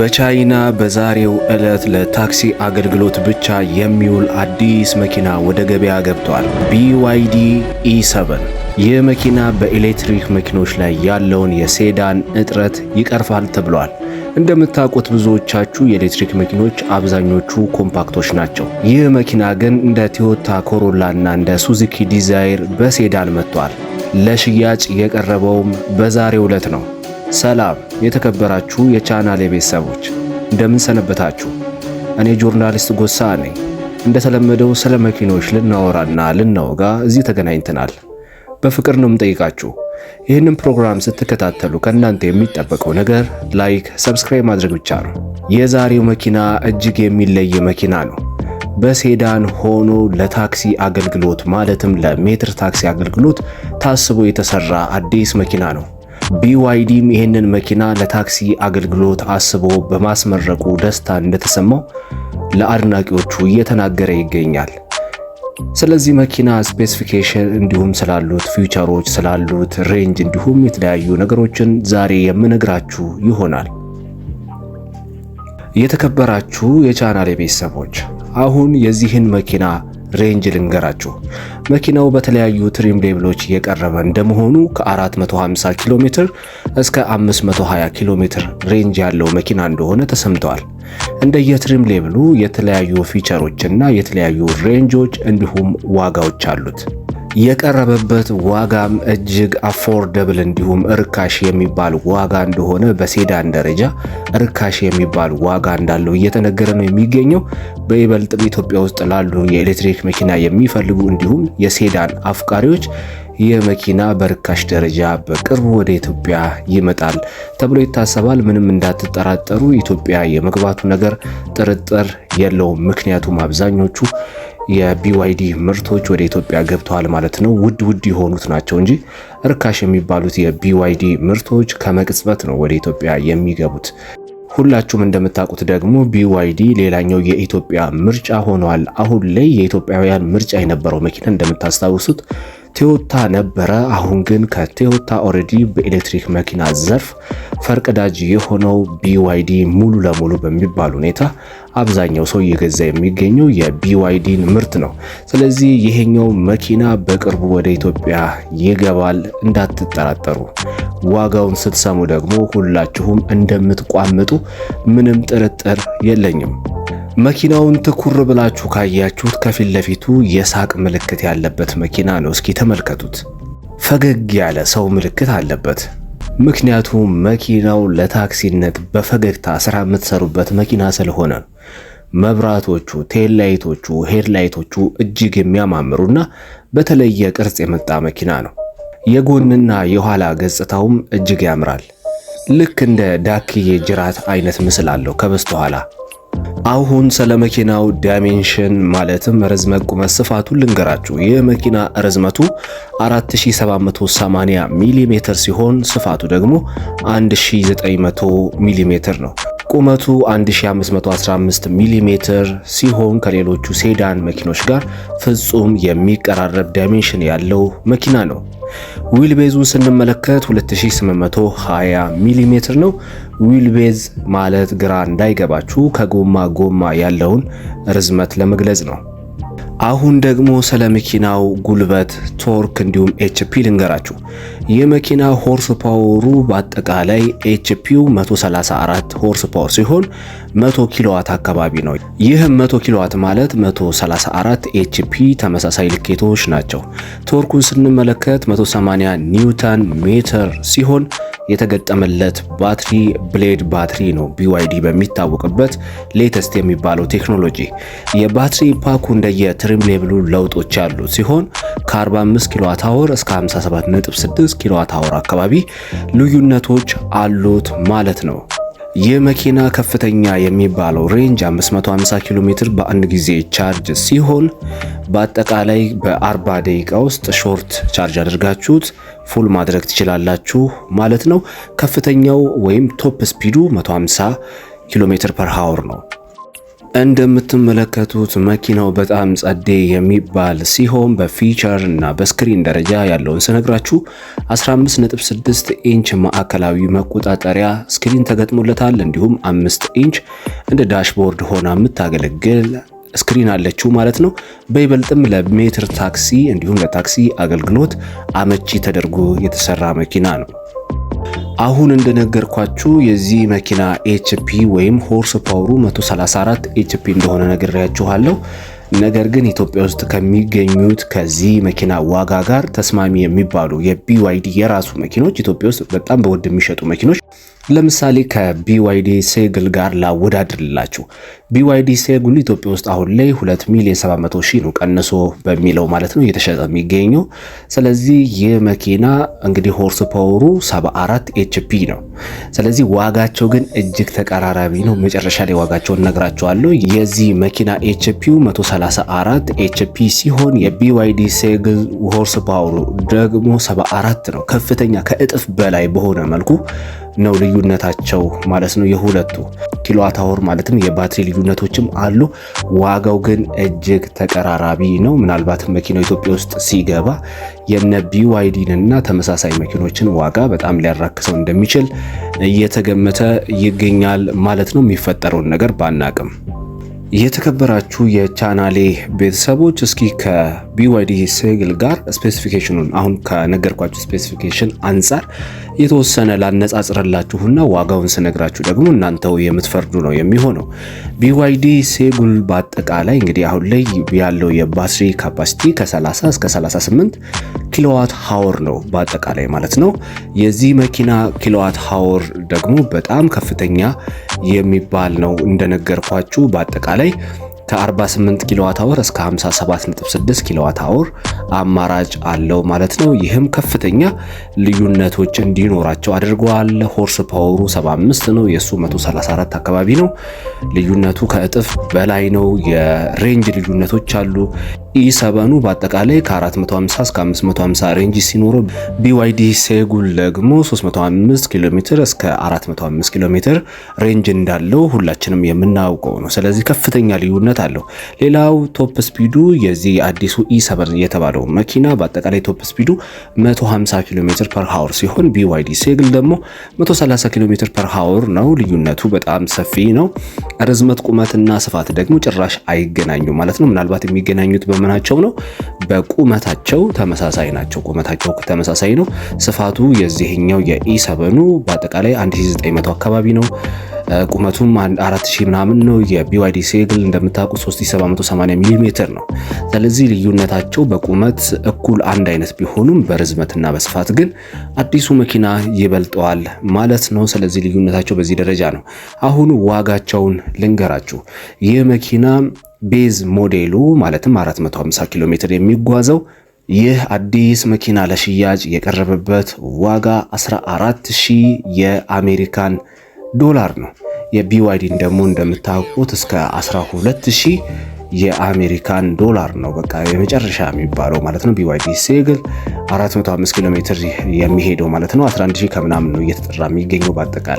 በቻይና በዛሬው ዕለት ለታክሲ አገልግሎት ብቻ የሚውል አዲስ መኪና ወደ ገበያ ገብቷል። ቢዋይዲ ኢ7 ይህ መኪና በኤሌክትሪክ መኪኖች ላይ ያለውን የሴዳን እጥረት ይቀርፋል ተብሏል። እንደምታውቁት ብዙዎቻችሁ የኤሌክትሪክ መኪኖች አብዛኞቹ ኮምፓክቶች ናቸው። ይህ መኪና ግን እንደ ቶዮታ ኮሮላ እና እንደ ሱዚኪ ዲዛይር በሴዳን መጥቷል። ለሽያጭ የቀረበውም በዛሬው ዕለት ነው። ሰላም የተከበራችሁ የቻናሌ ቤተሰቦች እንደምን ሰነበታችሁ? እኔ ጆርናሊስት ጎሳ ነኝ። እንደተለመደው ስለ መኪኖች ልናወራና ልናወጋ እዚህ ተገናኝተናል። በፍቅር ነው የምጠይቃችሁ። ይህንን ፕሮግራም ስትከታተሉ ከእናንተ የሚጠበቀው ነገር ላይክ፣ ሰብስክራይብ ማድረግ ብቻ ነው። የዛሬው መኪና እጅግ የሚለየ መኪና ነው። በሴዳን ሆኖ ለታክሲ አገልግሎት ማለትም ለሜትር ታክሲ አገልግሎት ታስቦ የተሰራ አዲስ መኪና ነው። ቢዋይዲም ይህንን መኪና ለታክሲ አገልግሎት አስቦ በማስመረቁ ደስታ እንደተሰማው ለአድናቂዎቹ እየተናገረ ይገኛል። ስለዚህ መኪና ስፔሲፊኬሽን እንዲሁም ስላሉት ፊውቸሮች፣ ስላሉት ሬንጅ እንዲሁም የተለያዩ ነገሮችን ዛሬ የምነግራችሁ ይሆናል። የተከበራችሁ የቻናል ቤተሰቦች አሁን የዚህን መኪና ሬንጅ ልንገራችሁ። መኪናው በተለያዩ ትሪም ሌብሎች እየቀረበ እንደመሆኑ ከ450 ኪሎ ሜትር እስከ 520 ኪሎ ሜትር ሬንጅ ያለው መኪና እንደሆነ ተሰምተዋል። እንደ የትሪም ሌብሉ የተለያዩ ፊቸሮች እና የተለያዩ ሬንጆች እንዲሁም ዋጋዎች አሉት። የቀረበበት ዋጋም እጅግ አፎርደብል እንዲሁም እርካሽ የሚባል ዋጋ እንደሆነ በሴዳን ደረጃ እርካሽ የሚባል ዋጋ እንዳለው እየተነገረ ነው የሚገኘው። በይበልጥ በኢትዮጵያ ውስጥ ላሉ የኤሌክትሪክ መኪና የሚፈልጉ እንዲሁም የሴዳን አፍቃሪዎች ይህ መኪና በርካሽ ደረጃ በቅርቡ ወደ ኢትዮጵያ ይመጣል ተብሎ ይታሰባል። ምንም እንዳትጠራጠሩ ኢትዮጵያ የመግባቱ ነገር ጥርጥር የለውም። ምክንያቱም አብዛኞቹ የቢዋይዲ ምርቶች ወደ ኢትዮጵያ ገብተዋል ማለት ነው። ውድ ውድ የሆኑት ናቸው እንጂ እርካሽ የሚባሉት የቢዋይዲ ምርቶች ከመቅጽበት ነው ወደ ኢትዮጵያ የሚገቡት። ሁላችሁም እንደምታውቁት ደግሞ ቢዋይዲ ሌላኛው የኢትዮጵያ ምርጫ ሆኗል። አሁን ላይ የኢትዮጵያውያን ምርጫ የነበረው መኪና እንደምታስታውሱት ቶዮታ ነበረ። አሁን ግን ከቶዮታ ኦልሬዲ በኤሌክትሪክ መኪና ዘርፍ ፈርቀዳጅ የሆነው ቢዋይዲ ሙሉ ለሙሉ በሚባል ሁኔታ አብዛኛው ሰው እየገዛ የሚገኘው የቢዋይዲን ምርት ነው። ስለዚህ ይሄኛው መኪና በቅርቡ ወደ ኢትዮጵያ ይገባል እንዳትጠራጠሩ። ዋጋውን ስትሰሙ ደግሞ ሁላችሁም እንደምትቋምጡ ምንም ጥርጥር የለኝም። መኪናውን ትኩር ብላችሁ ካያችሁት ከፊት ለፊቱ የሳቅ ምልክት ያለበት መኪና ነው። እስኪ ተመልከቱት። ፈገግ ያለ ሰው ምልክት አለበት። ምክንያቱም መኪናው ለታክሲነት በፈገግታ ስራ የምትሰሩበት መኪና ስለሆነ ነው። መብራቶቹ፣ ቴልላይቶቹ፣ ሄድላይቶቹ እጅግ የሚያማምሩና በተለየ ቅርጽ የመጣ መኪና ነው። የጎንና የኋላ ገጽታውም እጅግ ያምራል። ልክ እንደ ዳክዬ ጅራት አይነት ምስል አለው ከበስተኋላ አሁን ስለ መኪናው ዳይሜንሽን ማለትም ርዝመት፣ ቁመት፣ ስፋቱን ልንገራችሁ። ይህ መኪና ርዝመቱ 4780 ሚሜ ሲሆን ስፋቱ ደግሞ 1900 ሚሜ ነው። ቁመቱ 1515 ሚሜ ሲሆን ከሌሎቹ ሴዳን መኪኖች ጋር ፍጹም የሚቀራረብ ዳይሜንሽን ያለው መኪና ነው። ዊል ቤዙን ስንመለከት 2820 ሚሜ ነው። ዊል ቤዝ ማለት ግራ እንዳይገባችሁ ከጎማ ጎማ ያለውን ርዝመት ለመግለጽ ነው። አሁን ደግሞ ስለ መኪናው ጉልበት፣ ቶርክ እንዲሁም ኤችፒ ልንገራችሁ። የመኪና ሆርስ ፓወሩ በአጠቃላይ ኤችፒው 134 ሆርስ ፓወር ሲሆን 100 ኪሎዋት አካባቢ ነው። ይህም 100 ኪሎዋት ማለት 134 ኤችፒ ተመሳሳይ ልኬቶች ናቸው። ቶርኩን ስንመለከት 180 ኒውተን ሜትር ሲሆን የተገጠመለት ባትሪ ብሌድ ባትሪ ነው። ቢዋይዲ በሚታወቅበት ሌተስት የሚባለው ቴክኖሎጂ የባትሪ ፓኩ እንደየ ትሪም ሌብሉ ለውጦች ያሉ ሲሆን ከ45 ኪሎዋት አወር እስከ 57.6 ኪሎዋት አወር አካባቢ ልዩነቶች አሉት ማለት ነው። ይህ መኪና ከፍተኛ የሚባለው ሬንጅ 550 ኪሎ ሜትር በአንድ ጊዜ ቻርጅ ሲሆን በአጠቃላይ በ40 ደቂቃ ውስጥ ሾርት ቻርጅ አድርጋችሁት ፉል ማድረግ ትችላላችሁ ማለት ነው። ከፍተኛው ወይም ቶፕ ስፒዱ 150 ኪሎ ሜትር ፐር ሃወር ነው። እንደምትመለከቱት መኪናው በጣም ጸዴ የሚባል ሲሆን በፊቸር እና በስክሪን ደረጃ ያለውን ስነግራችሁ 15.6 ኢንች ማዕከላዊ መቆጣጠሪያ ስክሪን ተገጥሞለታል። እንዲሁም 5 ኢንች እንደ ዳሽቦርድ ሆና የምታገለግል ስክሪን አለችው ማለት ነው። በይበልጥም ለሜትር ታክሲ እንዲሁም ለታክሲ አገልግሎት አመቺ ተደርጎ የተሰራ መኪና ነው። አሁን እንደነገርኳችሁ የዚህ መኪና ኤችፒ ወይም ሆርስ ፓወሩ 134 ኤችፒ እንደሆነ ነግሬያችኋለሁ። ነገር ግን ኢትዮጵያ ውስጥ ከሚገኙት ከዚህ መኪና ዋጋ ጋር ተስማሚ የሚባሉ የቢዋይዲ የራሱ መኪኖች ኢትዮጵያ ውስጥ በጣም በውድ የሚሸጡ መኪኖች ለምሳሌ ከቢዋይዲ ሴግል ጋር ላወዳድርላችሁ። ቢዋይዲ ሴግሉ ኢትዮጵያ ውስጥ አሁን ላይ 2 ሚሊዮን 700 ሺህ ነው ቀንሶ በሚለው ማለት ነው እየተሸጠ የሚገኘው። ስለዚህ ይህ መኪና እንግዲህ ሆርስ ፓወሩ 74 ኤችፒ ነው። ስለዚህ ዋጋቸው ግን እጅግ ተቀራራቢ ነው። መጨረሻ ላይ ዋጋቸውን ነግራቸዋለሁ። የዚህ መኪና ኤችፒው 134 ኤችፒ ሲሆን የቢዋይዲ ሴግል ሆርስ ፓወሩ ደግሞ 74 ነው። ከፍተኛ ከእጥፍ በላይ በሆነ መልኩ ነው ልዩነታቸው ማለት ነው የሁለቱ ኪሎዋት አወር ማለትም የባትሪ ልዩነቶችም አሉ። ዋጋው ግን እጅግ ተቀራራቢ ነው። ምናልባትም መኪናው ኢትዮጵያ ውስጥ ሲገባ የነ ቢዋይዲን እና ተመሳሳይ መኪኖችን ዋጋ በጣም ሊያራክሰው እንደሚችል እየተገመተ ይገኛል ማለት ነው። የሚፈጠረውን ነገር ባናቅም የተከበራችሁ የቻናሌ ቤተሰቦች እስኪ ከቢዋይዲ ሴግል ጋር ስፔሲፊኬሽኑን አሁን ከነገርኳችሁ ስፔሲፊኬሽን አንጻር የተወሰነ ላነጻጽረላችሁና ዋጋውን ስነግራችሁ ደግሞ እናንተው የምትፈርዱ ነው የሚሆነው። ቢዋይዲ ሴጉል በአጠቃላይ እንግዲህ አሁን ላይ ያለው የባትሪ ካፓሲቲ ከ30 እስከ 38 ኪሎዋት ሃወር ነው በአጠቃላይ ማለት ነው። የዚህ መኪና ኪሎዋት ሃወር ደግሞ በጣም ከፍተኛ የሚባል ነው እንደነገርኳችሁ በአጠቃላይ ከ48 ኪሎዋት አወር እስከ 57.6 ኪሎዋት አወር አማራጭ አለው ማለት ነው። ይህም ከፍተኛ ልዩነቶች እንዲኖራቸው አድርገዋል። ሆርስ ፓወሩ 75 ነው፣ የእሱ 134 አካባቢ ነው። ልዩነቱ ከእጥፍ በላይ ነው። የሬንጅ ልዩነቶች አሉ። ኢ በአጠቃላይ ከ450 እስከ 550 ሬንጅ ሲኖረው ቢዋይዲ ሴጉል ደግሞ 305 ኪሎ ሜትር እስከ 405 ኪሎ ሜትር ሬንጅ እንዳለው ሁላችንም የምናውቀው ነው። ስለዚህ ከፍተኛ ልዩነት አለው። ሌላው ቶፕ ስፒዱ የዚህ አዲሱ ኢ የተባለው መኪና በአጠቃላይ ቶፕ ስፒዱ 150 ኪሎ ሜትር ፐር ሀወር ሲሆን ቢዋይዲ ሴጉል ደግሞ 130 ኪሎ ሜትር ፐር ሃወር ነው። ልዩነቱ በጣም ሰፊ ነው። ርዝመት ቁመትና ስፋት ደግሞ ጭራሽ አይገናኙ ማለት ነው። ምናልባት የሚገናኙት በ የምናምናቸው ነው። በቁመታቸው ተመሳሳይ ናቸው። ቁመታቸው ተመሳሳይ ነው። ስፋቱ የዚህኛው የኢ በአጠቃላይ 1900 አካባቢ ነው። ቁመቱም 4000 ምናምን ነው። የቢዋይዲ ሴግል እንደምታውቁት 3780 ሚሊ ሜትር ነው። ስለዚህ ልዩነታቸው በቁመት እኩል አንድ አይነት ቢሆኑም በርዝመትና በስፋት ግን አዲሱ መኪና ይበልጠዋል ማለት ነው። ስለዚህ ልዩነታቸው በዚህ ደረጃ ነው። አሁን ዋጋቸውን ልንገራችሁ። ይህ መኪና ቤዝ ሞዴሉ ማለትም 450 ኪሎ ሜትር የሚጓዘው ይህ አዲስ መኪና ለሽያጭ የቀረበበት ዋጋ 14000 የአሜሪካን ዶላር ነው። የቢዋይዲን ደግሞ እንደምታውቁት እስከ 12000 የአሜሪካን ዶላር ነው። በቃ የመጨረሻ የሚባለው ማለት ነው። ቢዋይዲ ሴግል 405 ኪሎ ሜትር የሚሄደው ማለት ነው 11000 ከምናምን ነው እየተጠራ የሚገኘው በአጠቃላይ